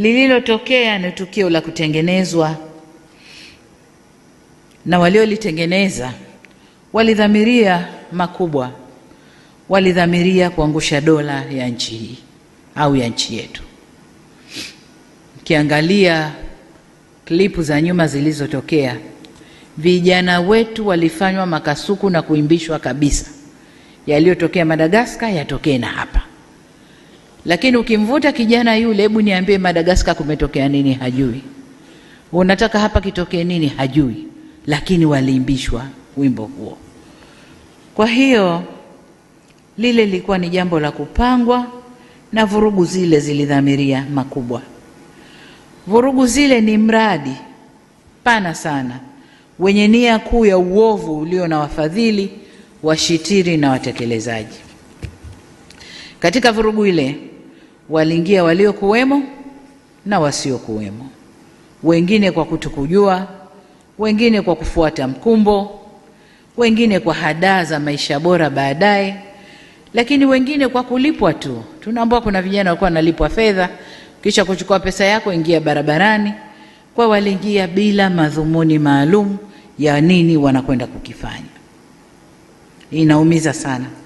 Lililotokea ni tukio la kutengenezwa, na waliolitengeneza walidhamiria makubwa, walidhamiria kuangusha dola ya nchi hii au ya nchi yetu. Ukiangalia klipu za nyuma zilizotokea, vijana wetu walifanywa makasuku na kuimbishwa kabisa. Yaliyotokea Madagaskar yatokee na hapa. Lakini ukimvuta kijana yule, hebu niambie, Madagaskar kumetokea nini? Hajui. Unataka hapa kitokee nini? Hajui. Lakini waliimbishwa wimbo huo. Kwa hiyo lile lilikuwa ni jambo la kupangwa, na vurugu zile zilidhamiria makubwa. Vurugu zile ni mradi pana sana wenye nia kuu ya uovu ulio na wafadhili, washitiri na watekelezaji. Katika vurugu ile waliingia waliokuwemo na wasiokuwemo, wengine kwa kutokujua, wengine kwa kufuata mkumbo, wengine kwa hadaa za maisha bora baadaye, lakini wengine kwa kulipwa tu. Tunaambua kuna vijana walikuwa wanalipwa fedha, kisha kuchukua pesa yako, ingia barabarani. Kwa waliingia bila madhumuni maalum ya nini wanakwenda kukifanya. Inaumiza sana.